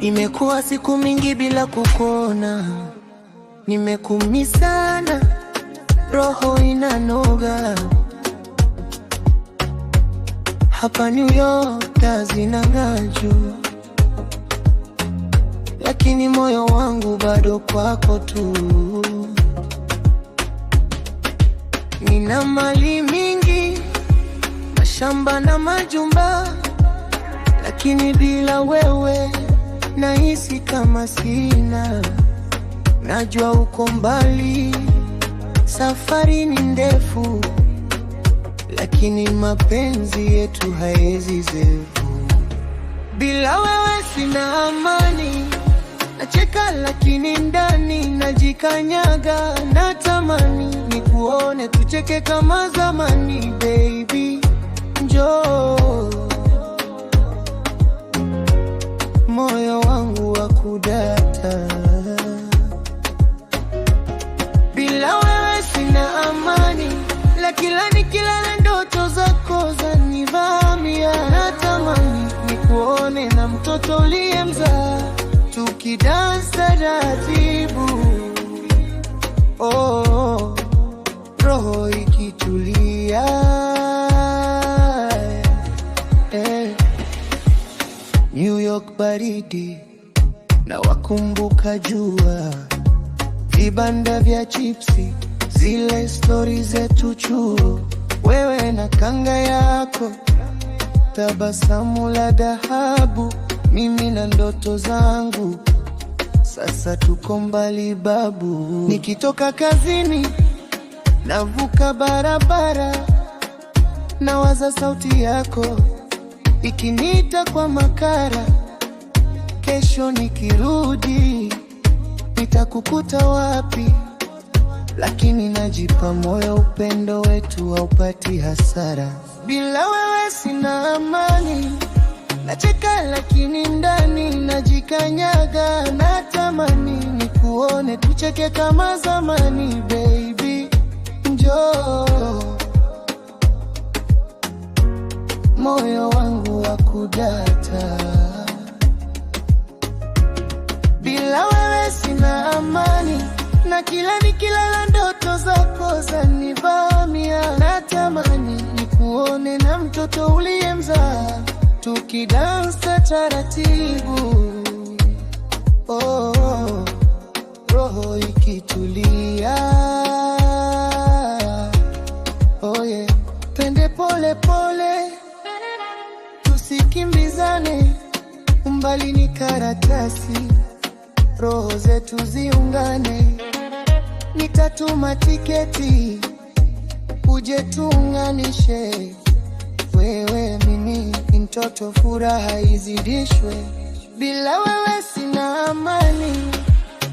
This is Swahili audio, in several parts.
Imekuwa siku mingi bila kukona nimekumi sana, roho inanoga. Hapa New York taa zinang'aa juu lakini moyo wangu bado kwako tu. Nina mali mingi, mashamba na majumba, lakini bila wewe nahisi kama sina. Najua uko mbali, safari ni ndefu, lakini mapenzi yetu haezi zevu. Bila wewe sina amani nacheka lakini ndani najikanyaga, natamani nikuone tucheke kama zamani. Baby njoo, moyo wangu wa kudata, bila wewe sina amani, la kila nikilala ndoto zako nivamia. natamani nikuone na mtoto uliyemzaa tukidansa ratibu oh, roho ikitulia eh. New York baridi na wakumbuka jua, vibanda vya chipsi, zile stori zetu chuo, wewe na kanga yako, tabasamu la dhahabu mimi na ndoto zangu, sasa tuko mbali babu. Nikitoka kazini navuka barabara, nawaza sauti yako ikiniita kwa makara. Kesho nikirudi nitakukuta wapi? Lakini najipa moyo, upendo wetu haupati hasara. Bila wewe sina amani Nacheka lakini ndani najikanyaga, natamani nikuone tucheke kama zamani. Baby njoo, moyo wangu wa kudata, bila wewe sina amani, na kila nikilala ndoto zako zanivamia, natamani nikuone na mtoto uliyemzaa tukidansa taratibu oh, oh, roho ikitulia oh, yeah. Twende pole pole, tusikimbizane, umbali ni karatasi, roho zetu ziungane, nitatuma tiketi uje tuunganishe wewe mimi mtoto, furaha izidishwe. Bila wewe sina amani,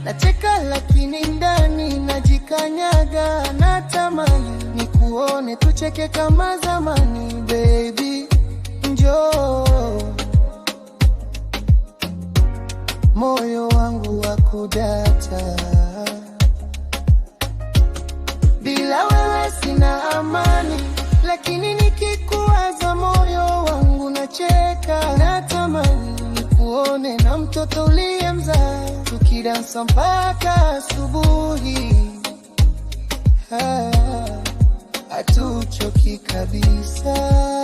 nacheka lakini ndani najikanyaga, natamani kuone tucheke kama zamani. Baby njoo, moyo wangu wa kudata Nipone na mtoto uliyemzaa, tukidansa mpaka asubuhi, hatuchoki kabisa.